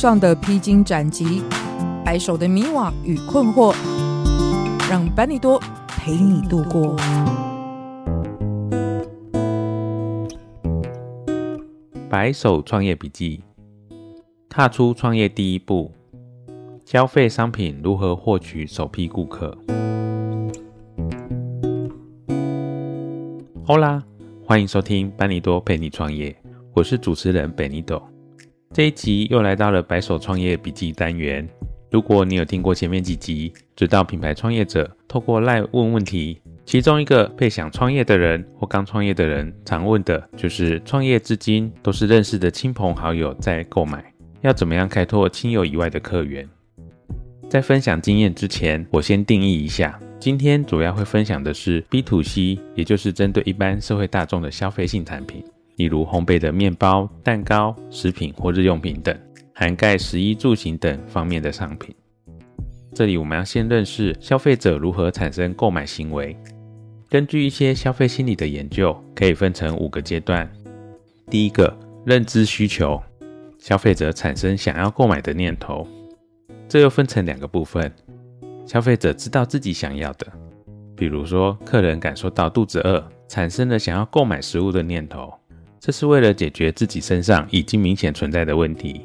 上的披荊斬棘，白手的迷惘與困惑，讓班尼多陪你度過。白手創業筆記，踏出創業第一步，消費商品如何獲取首批顧客。Hola，歡迎收聽班尼多陪你創業，我是主持人班尼多。這一集又來到了白手創業筆記單元。如果你有聽過前面幾集，知道品牌創業者透過 Line 問問題，其中一個被想創業的人或剛創業的人常問的就是，創業至今都是認識的親朋好友在購買，要怎麼樣開拓親友以外的客源？在分享經驗之前，我先定義一下，今天主要會分享的是 B to C，也就是針對一般社會大眾的消費性產品。例如烘焙的麵包、蛋糕、食品或日用品等，涵蓋食衣住行等方面的商品。這裡我們要先認識消費者如何產生購買行為。根據一些消費心理的研究，可以分成五個階段。第一個，認知需求，消費者產生想要購買的念頭。這又分成兩個部分，消費者知道自己想要的，比如說客人感受到肚子餓，產生了想要購買食物的念頭。這是為了解決自己身上已經明顯存在的問題。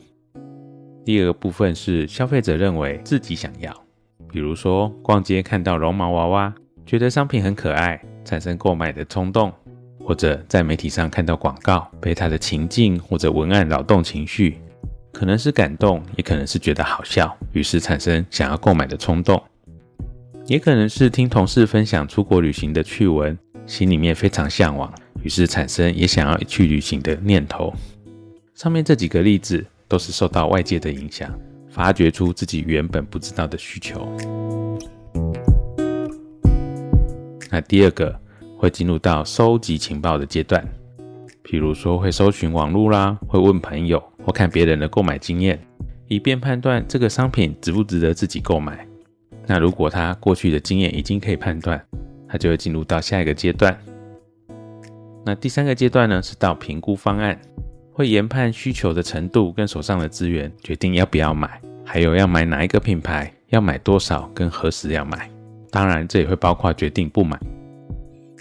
第二部分是消費者認為自己想要，比如說逛街看到絨毛娃娃，覺得商品很可愛，產生購買的衝動；或者在媒體上看到廣告，被它的情境或者文案擾動情緒，可能是感動，也可能是覺得好笑，於是產生想要購買的衝動；也可能是聽同事分享出國旅行的趣聞，心裡面非常向往。於是產生也想要去旅行的念頭。上面這幾個例子都是受到外界的影響，發掘出自己原本不知道的需求。那第二個會進入到收集情報的階段，譬如說會搜尋網路啦，會問朋友或看別人的購買經驗，以便判斷這個商品值不值得自己購買。那如果他過去的經驗已經可以判斷，他就會進入到下一個階段。那第三個階段呢，是到評估方案，會研判需求的程度跟手上的資源，決定要不要買，還有要買哪一個品牌，要買多少，跟何時要買。當然，這也會包括決定不買。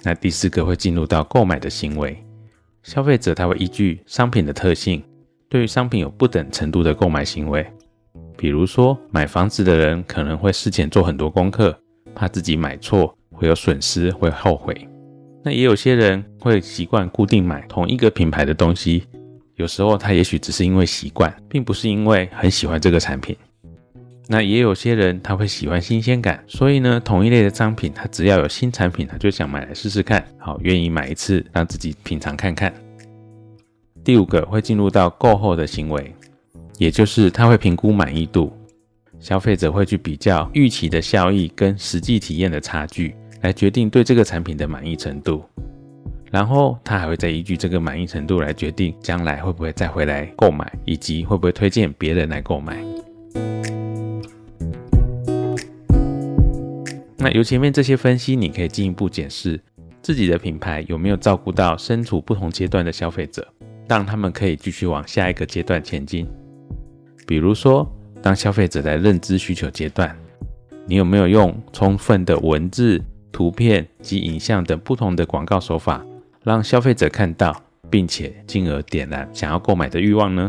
那第四個會進入到購買的行為，消費者他會依據商品的特性，對於商品有不等程度的購買行為。比如說買房子的人可能會事前做很多功課，怕自己買錯，會有損失，會後悔。那也有些人會習慣固定買同一個品牌的東西，有時候他也許只是因為習慣，並不是因為很喜歡這個產品。那也有些人他會喜歡新鮮感，所以呢，同一類的商品，他只要有新產品，他就想買來試試看，好，願意買一次，讓自己品嘗看看。第五個會進入到購後的行為，也就是他會評估滿意度，消費者會去比較預期的效益跟實際體驗的差距。來決定對這個產品的滿意程度，然後他還會再依據這個滿意程度來決定將來會不會再回來購買，以及會不會推薦別人來購買。那由前面這些分析，你可以進一步檢視自己的品牌有沒有照顧到身處不同階段的消費者，讓他們可以繼續往下一個階段前進。比如說，當消費者在認知需求階段，你有沒有用充分的文字？圖片及影像等不同的廣告手法，讓消費者看到，並且進而點燃想要購買的慾望呢？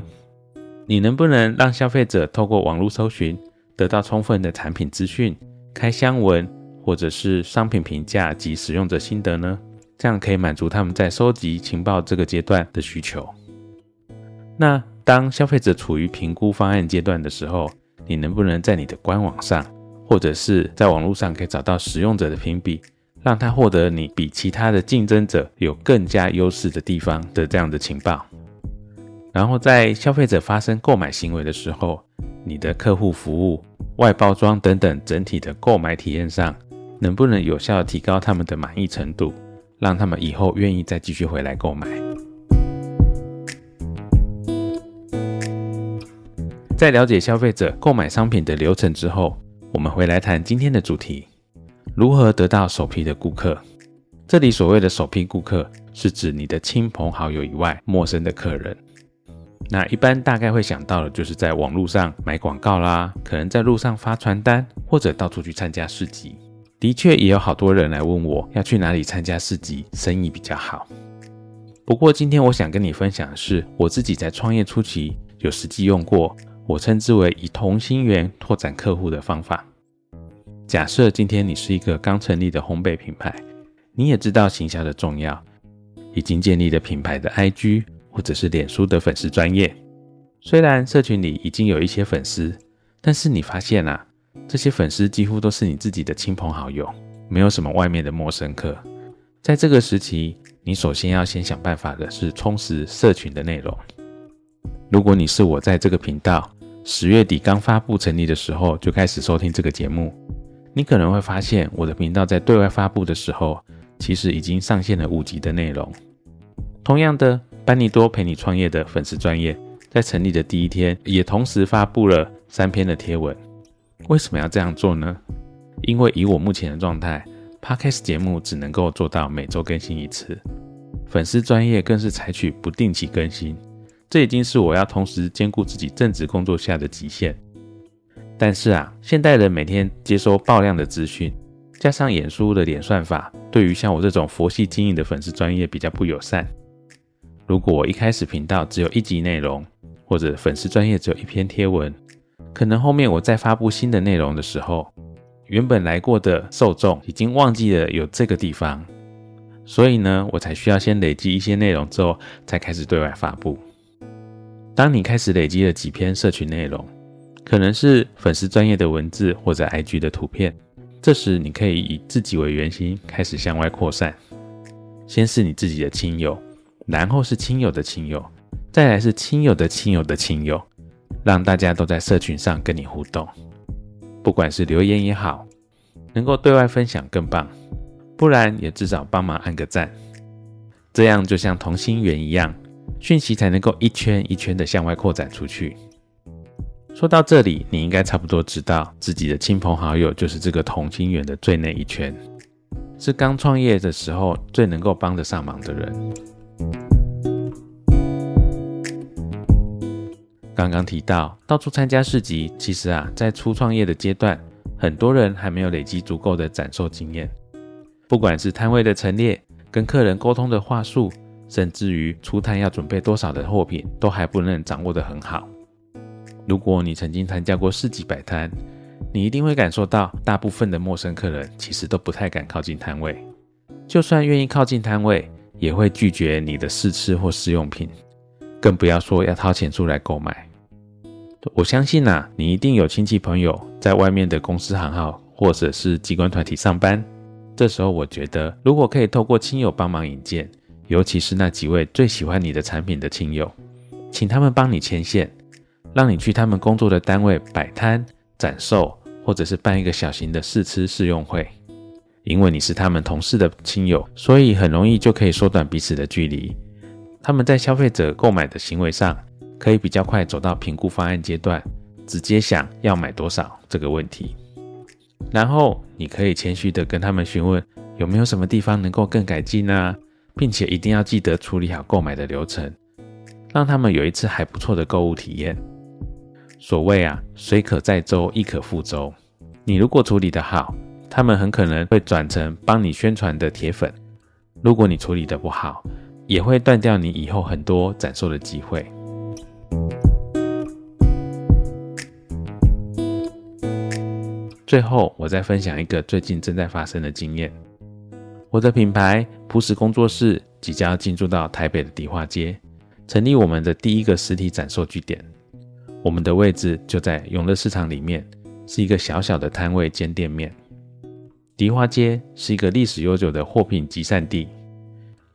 你能不能讓消費者透過網絡搜尋，得到充分的產品資訊、開箱文，或者是商品評價及使用者心得呢？這樣可以滿足他們在收集情報這個階段的需求。那當消費者處於評估方案階段的時候，你能不能在你的官網上或者是在網絡上可以找到使用者的評比，讓他獲得你比其他的競爭者有更加優勢的地方的這樣的情報，然後在消費者發生購買行為的時候，你的客戶服務、外包裝等等整體的購買體驗上，能不能有效地提高他們的滿意程度，讓他們以後願意再繼續回來購買。在了解消費者購買商品的流程之後，我們回來談今天的主題：如何得到首批的顧客。這裡所謂的首批顧客，是指你的親朋好友以外陌生的客人。那一般大概會想到的就是在網絡上買廣告啦，可能在路上發傳單，或者到處去參加市集。的確也有好多人來問我要去哪裡參加市集，生意比較好。不過今天我想跟你分享的是，我自己在創業初期有實際用過。我稱之為以同心圓拓展客戶的方法。假設今天你是一個剛成立的烘焙品牌，你也知道行銷的重要，已經建立了品牌的 IG 或者是臉書的粉絲專頁。雖然社群裡已經有一些粉絲，但是你發現啊，這些粉絲幾乎都是你自己的親朋好友，沒有什麼外面的陌生客。在這個時期，你首先要先想辦法的是充實社群的內容。如果你是我在這個頻道。十月底剛發佈成立的時候，就開始收聽這個節目。你可能會發現，我的頻道在對外發佈的時候，其實已經上線了五集的內容。同樣的，班尼多陪你創業的粉絲專頁在成立的第一天，也同時發佈了三篇的貼文。為什麼要這樣做呢？因為以我目前的狀態，Podcast 節目只能夠做到每周更新一次，粉絲專頁更是採取不定期更新。這已經是我要同時兼顧自己正職工作下的極限。但是啊，現代人每天接收爆量的資訊，加上臉書的演算法，對於像我這種佛系經營的粉絲專頁比較不友善。如果我一開始頻道只有一集內容，或者粉絲專頁只有一篇貼文，可能後面我再發布新的內容的時候，原本來過的受眾已經忘記了有這個地方，所以呢，我才需要先累積一些內容之後，才開始對外發布。當你開始累積了幾篇社群內容，可能是粉絲專頁的文字或者 IG 的圖片，這時你可以以自己為圓心開始向外擴散，先是你自己的親友，然後是親友的親友，再來是親友的親友的親友，讓大家都在社群上跟你互動，不管是留言也好，能夠對外分享更棒，不然也至少幫忙按個讚，這樣就像同心圓一樣。訊息才能夠一圈一圈的向外擴展出去。說到這裡，你應該差不多知道自己的親朋好友就是這個同心圓的最內一圈，是剛創業的時候最能夠幫得上忙的人。剛剛提到到處參加市集，其實啊，在初創業的階段，很多人還沒有累積足夠的展售經驗，不管是攤位的陳列、跟客人溝通的話術。甚至於出攤要準備多少的貨品，都還不能掌握得很好。如果你曾經參加過市集擺攤，你一定會感受到，大部分的陌生客人其實都不太敢靠近攤位，就算願意靠近攤位，也會拒絕你的試吃或試用品，更不要說要掏錢出來購買。我相信吶、啊，你一定有親戚朋友在外面的公司行號或者是機關團體上班，這時候我覺得，如果可以透過親友幫忙引薦。尤其是那幾位最喜歡你的產品的親友，請他們幫你牽線，讓你去他們工作的單位擺攤展售，或者是辦一個小型的試吃試用會。因為你是他們同事的親友，所以很容易就可以縮短彼此的距離。他們在消費者購買的行為上，可以比較快走到評估方案階段，直接想要買多少這個問題。然後你可以謙虛地跟他們詢問，有沒有什麼地方能夠更改進呢、啊？並且一定要記得處理好購買的流程，讓他們有一次還不錯的購物體驗。所謂啊，水可載舟，亦可覆舟。你如果處理得好，他們很可能會轉成幫你宣傳的鐵粉；如果你處理得不好，也會斷掉你以後很多展售的機會。最後，我再分享一個最近正在發生的經驗。我的品牌樸實工作室即將進駐到台北的迪化街，成立我們的第一個實體展售據點。我們的位置就在永樂市場裡面，是一個小小的攤位兼店面。迪化街是一個歷史悠久的貨品集散地，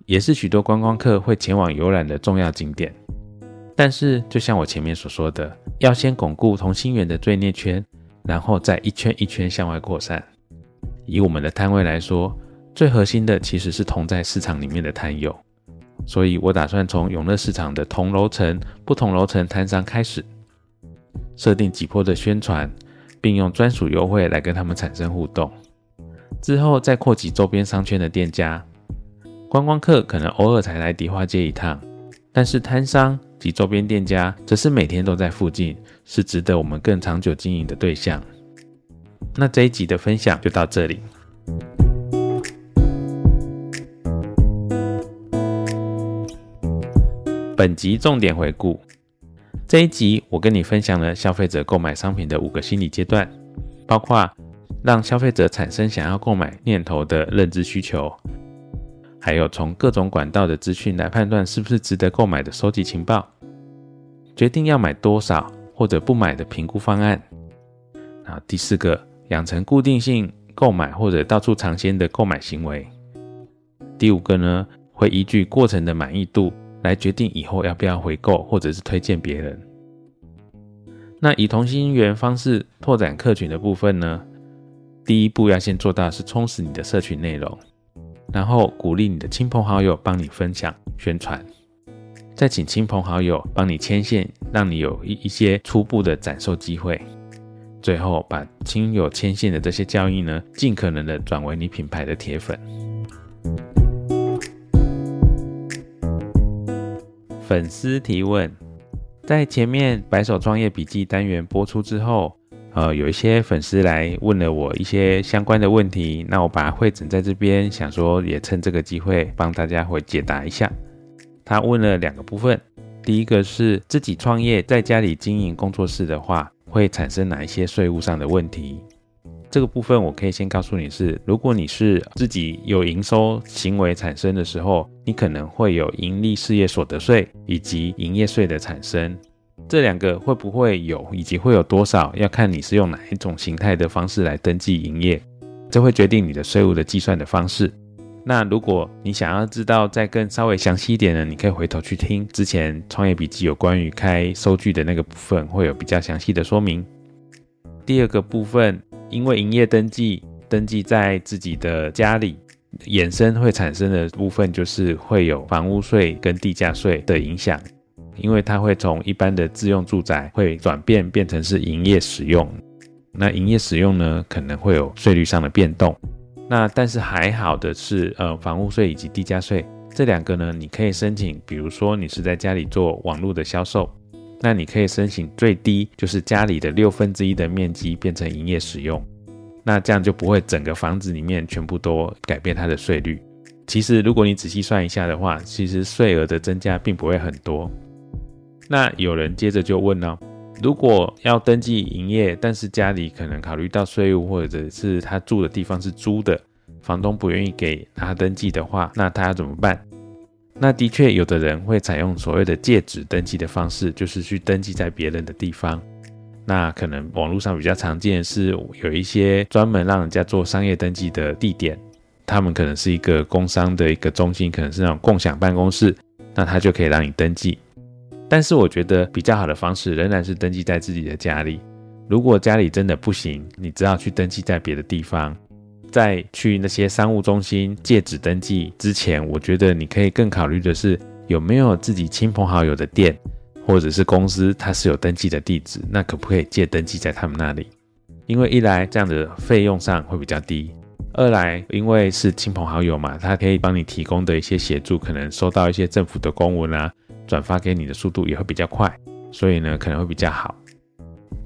也是許多觀光客會前往遊覽的重要景點。但是，就像我前面所說的，要先鞏固同心圓的最內圈，然後再一圈一圈向外擴散。以我們的攤位來說，最核心的其實是同在市場裡面的攤友，所以我打算從永樂市場的同樓層、不同樓層攤商開始，設定幾波的宣傳，並用專屬優惠來跟他們產生互動，之後再擴及周邊商圈的店家。觀光客可能偶爾才來迪化街一趟，但是攤商及周邊店家則是每天都在附近，是值得我們更長久經營的對象。那這一集的分享就到這裡。本集重點回顧，這一集我跟你分享了消費者購買商品的五個心理階段，包括讓消費者產生想要購買念頭的認知需求，還有從各種管道的資訊來判斷是不是值得購買的收集情報，決定要買多少或者不買的評估方案。然後第四個，養成固定性購買或者到處嘗鮮的購買行為。第五個呢，會依據過程的滿意度。來決定以後要不要回購，或者是推薦別人。那以同心圓方式拓展客群的部分呢，第一步要先做到是充實你的社群內容，然後鼓勵你的親朋好友幫你分享宣傳，再請親朋好友幫你牽線，讓你有一一些初步的展售機會。最後把親友牽線的這些交易呢，儘可能的轉為你品牌的鐵粉。粉絲提問，在前面白手創業筆記單元播出之後，呃，有一些粉絲來問了我一些相關的問題，那我把他彙整在這邊，想說也趁這個機會幫大家會解答一下。他問了兩個部分，第一個是自己創業，在家裡經營工作室的話，會產生哪一些稅務上的問題？這個部分我可以先告訴你是，如果你是自己有營收行為產生的時候，你可能會有營利事業所得稅以及營業稅的產生。這兩個會不會有，以及會有多少，要看你是用哪一種形態的方式來登記營業，這會決定你的稅務的計算的方式。那如果你想要知道再更稍微詳細一點呢，你可以回頭去聽之前創業筆記有關於開收據的那個部分，會有比較詳細的說明。第二個部分。因為營業登記登記在自己的家裡，衍生會產生的部分就是會有房屋稅跟地價稅的影響，因為它會從一般的自用住宅會轉變變成是營業使用，那營業使用呢，可能會有稅率上的變動，那但是還好的是，呃，房屋稅以及地價稅這兩個呢，你可以申請，比如說你是在家裡做網絡的銷售。那你可以申請最低，就是家裡的六分之一的面積變成營業使用，那這樣就不會整個房子裡面全部都改變它的稅率。其實如果你仔細算一下的話，其實稅額的增加並不會很多。那有人接着就問了哦，如果要登記營業，但是家裡可能考慮到稅務，或者是他住的地方是租的，房東不願意給他登記的話，那他要怎麼辦？那的確，有的人會採用所謂的借址登記的方式，就是去登記在別人的地方。那可能網絡上比較常見的是有一些專門讓人家做商業登記的地點，他們可能是一個工商的一個中心，可能是那種共享辦公室，那他就可以讓你登記。但是我覺得比較好的方式仍然是登記在自己的家裡。如果家裡真的不行，你只要去登記在別的地方。在去那些商務中心借址登記之前，我覺得你可以更考慮的是有沒有自己親朋好友的店或者是公司，它是有登記的地址，那可不可以借登記在他們那裡？因為一來這樣的費用上會比較低，二來因為是親朋好友嘛，他可以幫你提供的一些協助，可能收到一些政府的公文啊，轉發給你的速度也會比較快，所以呢可能會比較好。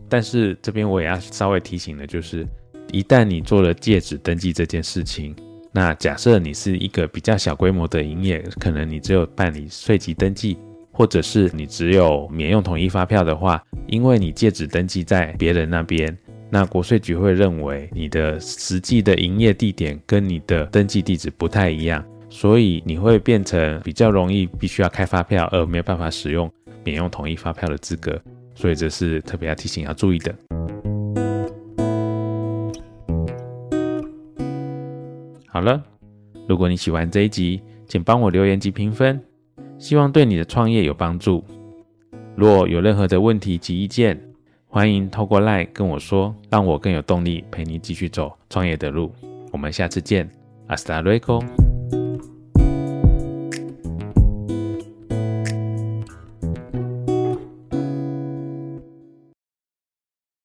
但是這邊我也要稍微提醒的就是。一旦你做了地址登記這件事情，那假設你是一個比較小規模的營業，可能你只有辦理稅籍登記，或者是你只有免用統一發票的話，因為你地址登記在別人那邊，那國稅局會認為你的實際的營業地點跟你的登記地址不太一樣，所以你會變成比較容易必須要開發票而沒有辦法使用免用統一發票的資格，所以這是特別要提醒要注意的。好了，如果你喜歡這一集，請幫我留言及評分，希望對你的創業有幫助。若有任何的問題及意見，歡迎透過 LINE 跟我說，讓我更有動力陪你繼續走創業的路。我們下次見，阿 Star Rico。